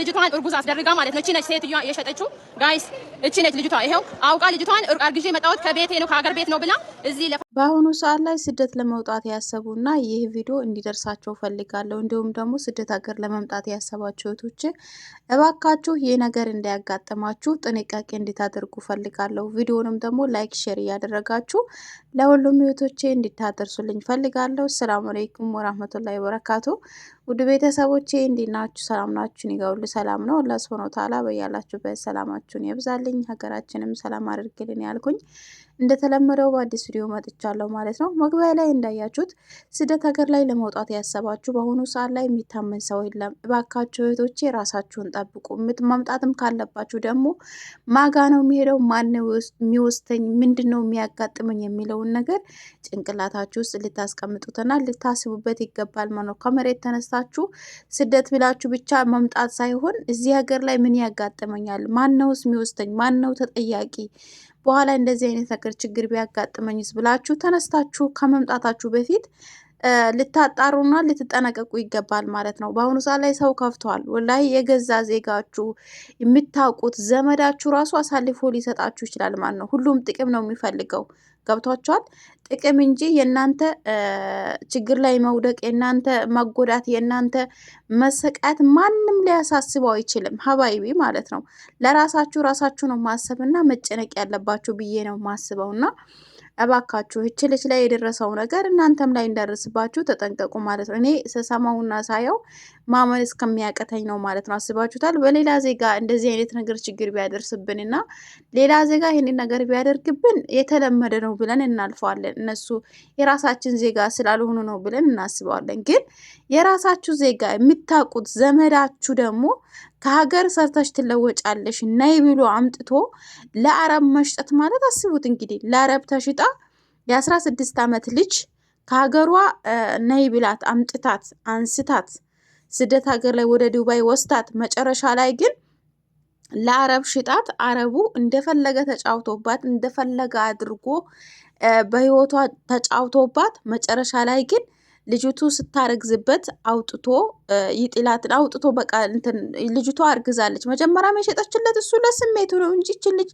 ልጅቷን እርጉዝ አስደርጋ ማለት ነው። እቺ ነች ሴትዮዋ የሸጠችው ጋይስ፣ እቺ ነች ልጅቷ። ይሄው አውቃ ልጅቷን እርግ አርግዤ መጣሁት ከቤቴ ነው ከሀገር ቤት ነው ብላ እዚህ በአሁኑ ሰዓት ላይ ስደት ለመውጣት ያሰቡ እና ይህ ቪዲዮ እንዲደርሳቸው ፈልጋለሁ። እንዲሁም ደግሞ ስደት ሀገር ለመምጣት ያሰባቸው እህቶች እባካችሁ ይህ ነገር እንዳያጋጥማችሁ ጥንቃቄ እንድታደርጉ ፈልጋለሁ። ቪዲዮንም ደግሞ ላይክ፣ ሼር እያደረጋችሁ ለሁሉም እህቶቼ እንድታደርሱልኝ ፈልጋለሁ። ሰላም አለይኩም ወራህመቱላሂ ወበረካቱ። ውድ ቤተሰቦቼ እንዲናችሁ ሰላም ናችሁን? ይገውል ሰላም ነው። አላህ ሱብሃነሁ ወተዓላ በያላችሁበት ሰላማችሁን ይብዛልኝ፣ ሀገራችንም ሰላም አድርግልን ያልኩኝ እንደተለመደው በአዲስ ስቱዲዮ መጥቻለሁ ማለት ነው። መግቢያ ላይ እንዳያችሁት ስደት ሀገር ላይ ለመውጣት ያሰባችሁ በአሁኑ ሰዓት ላይ የሚታመን ሰው የለም። እባካችሁ እህቶቼ ራሳችሁን ጠብቁ። ማምጣትም ካለባችሁ ደግሞ ማጋ ነው የሚሄደው፣ ማን የሚወስተኝ፣ ምንድን ነው የሚያጋጥመኝ የሚለውን ነገር ጭንቅላታችሁ ውስጥ ልታስቀምጡትና ልታስቡበት ይገባል ማለት ነው። ከመሬት ተነስታችሁ ስደት ብላችሁ ብቻ መምጣት ሳይሆን እዚህ ሀገር ላይ ምን ያጋጥመኛል፣ ማነውስ ነውስ የሚወስተኝ፣ ተጠያቂ በኋላ እንደዚህ አይነት ነገር ችግር ቢያጋጥመኝስ ብላችሁ ተነስታችሁ ከመምጣታችሁ በፊት ልታጣሩና ልትጠነቀቁ ይገባል ማለት ነው። በአሁኑ ሰዓት ላይ ሰው ከፍቷል። ወላሂ የገዛ ዜጋችሁ የምታውቁት ዘመዳችሁ ራሱ አሳልፎ ሊሰጣችሁ ይችላል ማለት ነው። ሁሉም ጥቅም ነው የሚፈልገው። ገብቷቸዋል። ጥቅም እንጂ የእናንተ ችግር ላይ መውደቅ፣ የእናንተ መጎዳት፣ የእናንተ መሰቃት ማንም ሊያሳስበው አይችልም። ሀባይቢ ማለት ነው። ለራሳችሁ ራሳችሁ ነው ማሰብና መጨነቅ ያለባችሁ ብዬ ነው ማስበውና እባካችሁ ይች ልጅ ላይ የደረሰው ነገር እናንተም ላይ እንዳደርስባችሁ ተጠንቀቁ ማለት ነው። እኔ ስሰማውና ሳየው ማመን እስከሚያቀተኝ ነው ማለት ነው። አስባችሁታል? በሌላ ዜጋ እንደዚህ አይነት ነገር ችግር ቢያደርስብን እና ሌላ ዜጋ ይህንን ነገር ቢያደርግብን የተለመደ ነው ብለን እናልፈዋለን። እነሱ የራሳችን ዜጋ ስላልሆኑ ነው ብለን እናስበዋለን። ግን የራሳችሁ ዜጋ የምታውቁት ዘመዳችሁ ደግሞ ከሀገር ሰርተሽ ትለወጫለሽ ነይ ብሎ አምጥቶ ለአረብ መሽጠት ማለት አስቡት እንግዲህ ለአረብ ተሽጣ የአስራ ስድስት ዓመት ልጅ ከሀገሯ ነይ ብላት አምጥታት አንስታት ስደት ሀገር ላይ ወደ ዱባይ ወስታት መጨረሻ ላይ ግን ለአረብ ሽጣት አረቡ እንደፈለገ ተጫውቶባት እንደፈለገ አድርጎ በህይወቷ ተጫውቶባት መጨረሻ ላይ ግን ልጅቱ ስታረግዝበት አውጥቶ ይጥላት አውጥቶ በቃ ልጅቱ አርግዛለች። መጀመሪያም የሸጠችለት እሱ ለስሜቱ ነው እንጂ ይችን ልጅ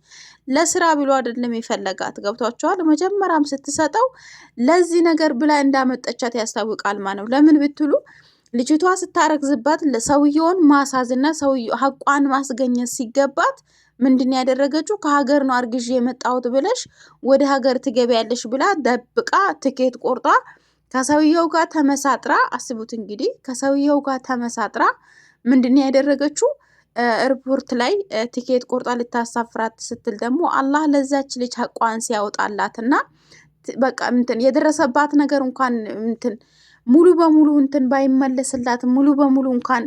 ለስራ ብሎ አይደለም የፈለጋት። ገብቷቸዋል። መጀመሪያም ስትሰጠው ለዚህ ነገር ብላ እንዳመጠቻት ያስታውቃል ማ ነው። ለምን ብትሉ ልጅቷ ስታረግዝባት ሰውየውን ማሳዝና ሀቋን ማስገኘት ሲገባት ምንድን ያደረገችው ከሀገር ነው አርግዤ የመጣሁት ብለሽ ወደ ሀገር ትገቢያለሽ ብላ ደብቃ ትኬት ቆርጣ ከሰውየው ጋር ተመሳጥራ አስቡት እንግዲህ ከሰውየው ጋር ተመሳጥራ ምንድን ነው ያደረገችው? ኤርፖርት ላይ ቲኬት ቆርጣ ልታሳፍራት ስትል ደግሞ አላህ ለዛች ልጅ አቋን ሲያወጣላት እና በቃ እንትን የደረሰባት ነገር እንኳን እንትን ሙሉ በሙሉ እንትን ባይመለስላት ሙሉ በሙሉ እንኳን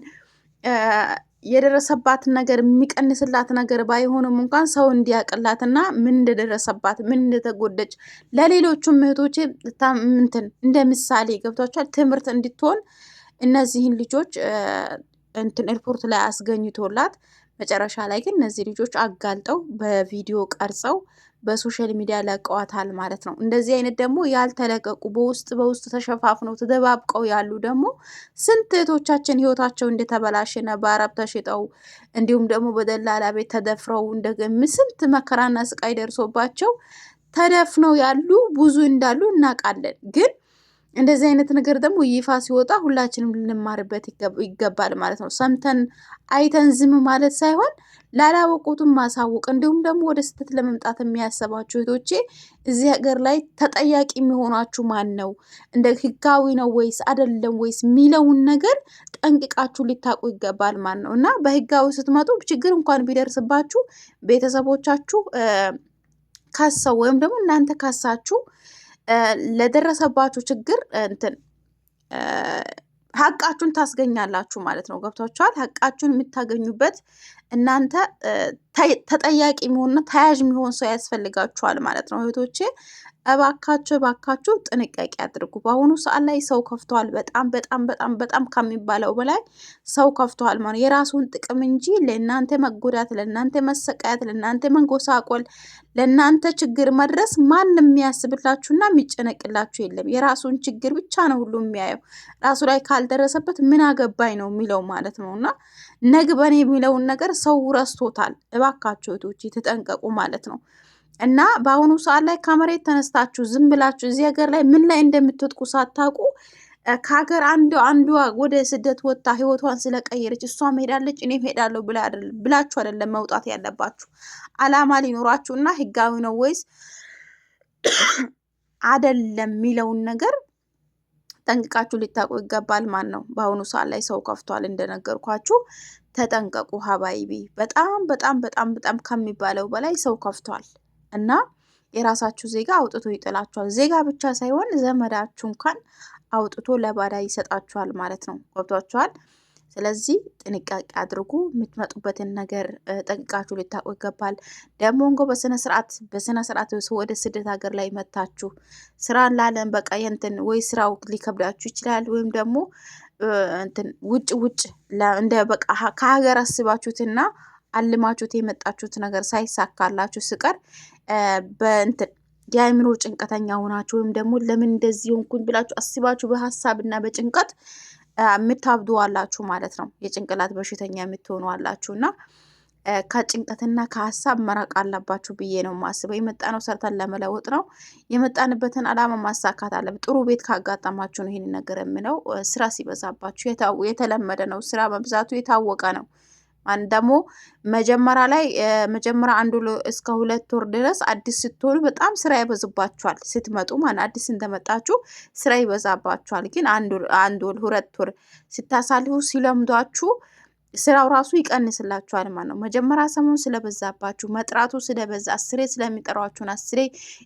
የደረሰባት ነገር የሚቀንስላት ነገር ባይሆንም እንኳን ሰው እንዲያቅላትና ምን እንደደረሰባት ምን እንደተጎደች ለሌሎቹም እህቶች ምንትን እንደ ምሳሌ ገብቷቸዋል ትምህርት እንድትሆን እነዚህን ልጆች እንትን ኤርፖርት ላይ አስገኝቶላት መጨረሻ ላይ ግን እነዚህ ልጆች አጋልጠው በቪዲዮ ቀርጸው በሶሻል ሚዲያ ለቀዋታል ማለት ነው። እንደዚህ አይነት ደግሞ ያልተለቀቁ በውስጥ በውስጥ ተሸፋፍነው ተደባብቀው ያሉ ደግሞ ስንት እህቶቻችን ህይወታቸው እንደተበላሸና በአረብ ተሽጠው እንዲሁም ደግሞ በደላላ ቤት ተደፍረው እንደገም ስንት መከራና ስቃይ ደርሶባቸው ተደፍነው ያሉ ብዙ እንዳሉ እናውቃለን ግን እንደዚህ አይነት ነገር ደግሞ ይፋ ሲወጣ ሁላችንም ልንማርበት ይገባል ማለት ነው። ሰምተን አይተን ዝም ማለት ሳይሆን ላላወቁትም ማሳወቅ፣ እንዲሁም ደግሞ ወደ ስህተት ለመምጣት የሚያሰባችሁ እህቶቼ እዚህ ሀገር ላይ ተጠያቂ የሚሆናችሁ ማን ነው፣ እንደ ህጋዊ ነው ወይስ አይደለም ወይስ የሚለውን ነገር ጠንቅቃችሁ ሊታቁ ይገባል ማለት ነው እና በህጋዊ ስትመጡ ችግር እንኳን ቢደርስባችሁ ቤተሰቦቻችሁ ካሰው ወይም ደግሞ እናንተ ካሳችሁ ለደረሰባችሁ ችግር እንትን ሀቃችሁን ታስገኛላችሁ ማለት ነው። ገብቷችኋል? ሀቃችሁን የምታገኙበት እናንተ ተጠያቂ የሚሆንና ተያዥ የሚሆን ሰው ያስፈልጋችኋል ማለት ነው እህቶቼ። እባካችሁ እባካችሁ ጥንቃቄ አድርጉ። በአሁኑ ሰዓት ላይ ሰው ከፍተዋል። በጣም በጣም በጣም በጣም ከሚባለው በላይ ሰው ከፍተዋል ማለት የራሱን ጥቅም እንጂ ለእናንተ መጎዳት፣ ለእናንተ መሰቃየት፣ ለእናንተ መንጎሳቆል፣ ለእናንተ ችግር መድረስ ማንም የሚያስብላችሁና የሚጨነቅላችሁ የለም። የራሱን ችግር ብቻ ነው ሁሉ የሚያየው። ራሱ ላይ ካልደረሰበት ምን አገባኝ ነው የሚለው ማለት ነው እና ነግበኔ የሚለውን ነገር ሰው ረስቶታል። እባካችሁ እህቶች ተጠንቀቁ ማለት ነው። እና በአሁኑ ሰዓት ላይ ከመሬት ተነስታችሁ ዝም ብላችሁ እዚህ ሀገር ላይ ምን ላይ እንደምትወጥቁ ሳታውቁ ከሀገር አንዱ አንዷ ወደ ስደት ወጥታ ህይወቷን ስለቀየረች እሷም ሄዳለች እኔም ሄዳለሁ ብላችሁ አይደለም መውጣት ያለባችሁ። አላማ ሊኖራችሁ እና ህጋዊ ነው ወይስ አይደለም የሚለውን ነገር ጠንቅቃችሁ ልታውቁ ይገባል። ማን ነው በአሁኑ ሰዓት ላይ ሰው ከፍቷል እንደነገርኳችሁ። ተጠንቀቁ ሀባይቢ። በጣም በጣም በጣም በጣም ከሚባለው በላይ ሰው ከፍቷል እና የራሳችሁ ዜጋ አውጥቶ ይጥላችኋል። ዜጋ ብቻ ሳይሆን ዘመዳችሁ እንኳን አውጥቶ ለባዳ ይሰጣችኋል ማለት ነው። ገብቷችኋል? ስለዚህ ጥንቃቄ አድርጉ። የምትመጡበትን ነገር ጠንቅቃችሁ ልታውቁ ይገባል። ደግሞ እንጎ በስነ ስርዓት በስነ ስርዓት ወደ ስደት ሀገር ላይ መታችሁ ስራ ላለን በቃ የንትን ወይ ስራው ሊከብዳችሁ ይችላል ወይም ደግሞ እንትን ውጭ ውጭ እንደ በቃ ከሀገር አስባችሁትና አልማችሁት የመጣችሁት ነገር ሳይሳካላችሁ ስቀር በእንትን የአእምሮ ጭንቀተኛ ሆናችሁ ወይም ደግሞ ለምን እንደዚህ ሆንኩኝ ብላችሁ አስባችሁ በሀሳብና በጭንቀት የምታብዱ አላችሁ ማለት ነው። የጭንቅላት በሽተኛ የምትሆኑ አላችሁ እና ከጭንቀትና ከሀሳብ መራቅ አለባችሁ ብዬ ነው ማስበው። የመጣነው ሰርተን ለመለወጥ ነው። የመጣንበትን አላማ ማሳካት አለ ጥሩ ቤት ካጋጠማችሁ ነው ይህን ነገር የምለው። ስራ ሲበዛባችሁ የተለመደ ነው። ስራ መብዛቱ የታወቀ ነው። አንድ ደግሞ መጀመሪያ ላይ መጀመሪያ አንዱ እስከ ሁለት ወር ድረስ አዲስ ስትሆኑ በጣም ስራ ይበዝባችኋል። ስትመጡ ማን አዲስ እንደመጣችሁ ስራ ይበዛባችኋል። ግን አንድ ወር ሁለት ወር ስታሳልፉ ሲለምዷችሁ ስራው ራሱ ይቀንስላችኋል ማለት ነው። መጀመሪያ ሰሞን ስለበዛባችሁ መጥራቱ ስለበዛ አስሬ ስለሚጠሯችሁን አስሬ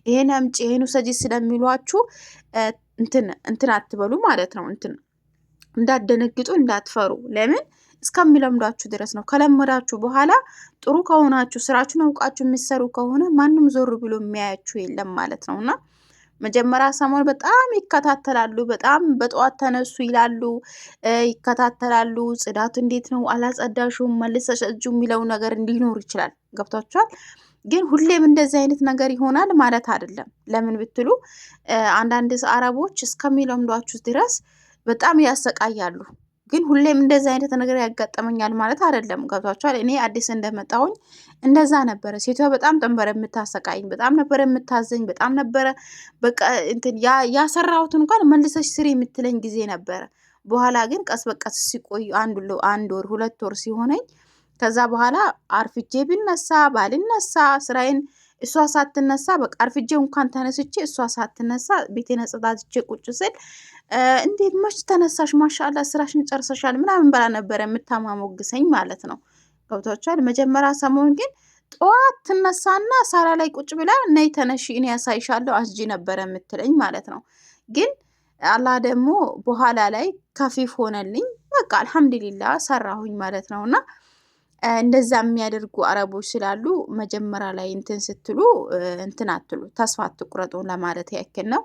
ይሄን አምጪ ይሄን ውሰጂ ስለሚሏችሁ እንትን እንትን አትበሉ ማለት ነው። እንትን እንዳደነግጡ እንዳትፈሩ። ለምን እስከሚለምዷችሁ ድረስ ነው። ከለመዳችሁ በኋላ ጥሩ ከሆናችሁ ስራችሁን አውቃችሁ የሚሰሩ ከሆነ ማንም ዞር ብሎ የሚያያችሁ የለም ማለት ነው እና መጀመሪያ ሰሞን በጣም ይከታተላሉ። በጣም በጠዋት ተነሱ ይላሉ፣ ይከታተላሉ። ጽዳቱ እንዴት ነው? አላጸዳሹም፣ መልሰሽ እጁ የሚለው ነገር እንዲኖር ይችላል። ገብቷቸዋል። ግን ሁሌም እንደዚህ አይነት ነገር ይሆናል ማለት አይደለም። ለምን ብትሉ አንዳንድ አረቦች እስከሚለምዷችሁ ድረስ በጣም ያሰቃያሉ። ግን ሁሌም እንደዚህ አይነት ነገር ያጋጠመኛል ማለት አይደለም። ገብቷችኋል? እኔ አዲስ እንደመጣሁኝ እንደዛ ነበረ። ሴቷ በጣም ጠንበረ የምታሰቃኝ፣ በጣም ነበረ የምታዘኝ፣ በጣም ነበረ በቃ እንትን ያሰራሁት እንኳን መልሰሽ ስሪ የምትለኝ ጊዜ ነበረ። በኋላ ግን ቀስ በቀስ ሲቆዩ አንድ ወር ሁለት ወር ሲሆነኝ ከዛ በኋላ አርፍጄ ብነሳ ባልነሳ ስራዬን እሷ ሳትነሳ በቃ አርፍጄ እንኳን ተነስቼ እሷ ሳትነሳ ቤቴን አጸዳድቼ ቁጭ ስል እንዴት መች ተነሳሽ ማሻላ ስራሽን ጨርሰሻል ምናምን በላ ነበረ የምታማሞግሰኝ ማለት ነው። ገብቷችኋል። መጀመሪያ ሰሞን ግን ጠዋት ትነሳና ሳራ ላይ ቁጭ ብላ ነይ ተነሺ እኔ ያሳይሻለሁ አስጂ ነበረ የምትለኝ ማለት ነው። ግን አላ ደግሞ በኋላ ላይ ከፊፍ ሆነልኝ። በቃ አልሐምዱሊላ ሰራሁኝ ማለት ነው እና እንደዛ የሚያደርጉ አረቦች ስላሉ መጀመሪያ ላይ እንትን ስትሉ እንትን አትሉ፣ ተስፋ አትቁረጡ ለማለት ያክል ነው።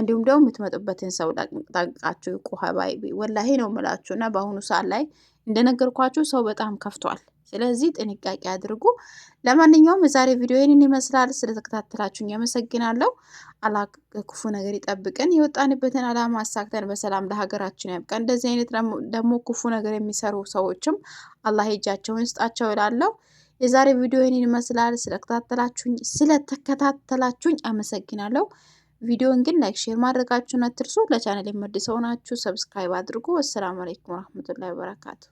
እንዲሁም ደግሞ የምትመጡበትን ሰው ጠንቅቃችሁ ቁሀባይ ሀባይቢ፣ ነው የምላችሁ እና በአሁኑ ሰዓት ላይ እንደነገርኳችሁ ሰው በጣም ከፍቷል። ስለዚህ ጥንቃቄ አድርጉ። ለማንኛውም የዛሬ ቪዲዮ ይህንን ይመስላል። ስለተከታተላችሁን ያመሰግናለሁ። አላህ ክፉ ነገር ይጠብቀን። የወጣንበትን አላማ አሳክተን በሰላም ለሀገራችን ያብቃ። እንደዚህ አይነት ደግሞ ክፉ ነገር የሚሰሩ ሰዎችም አላህ እጃቸውን ይስጣቸው እላለሁ። የዛሬ ቪዲዮ ይህንን ይመስላል። ስለተከታተላችሁኝ ስለተከታተላችሁኝ አመሰግናለሁ። ቪዲዮን ግን ላይክ፣ ሼር ማድረጋችሁን አትርሱ። ለቻናል የመድሰው ናችሁ ሰብስክራይብ አድርጉ። አሰላሙ አለይኩም ወረህመቱላሂ ወበረካቱሁ።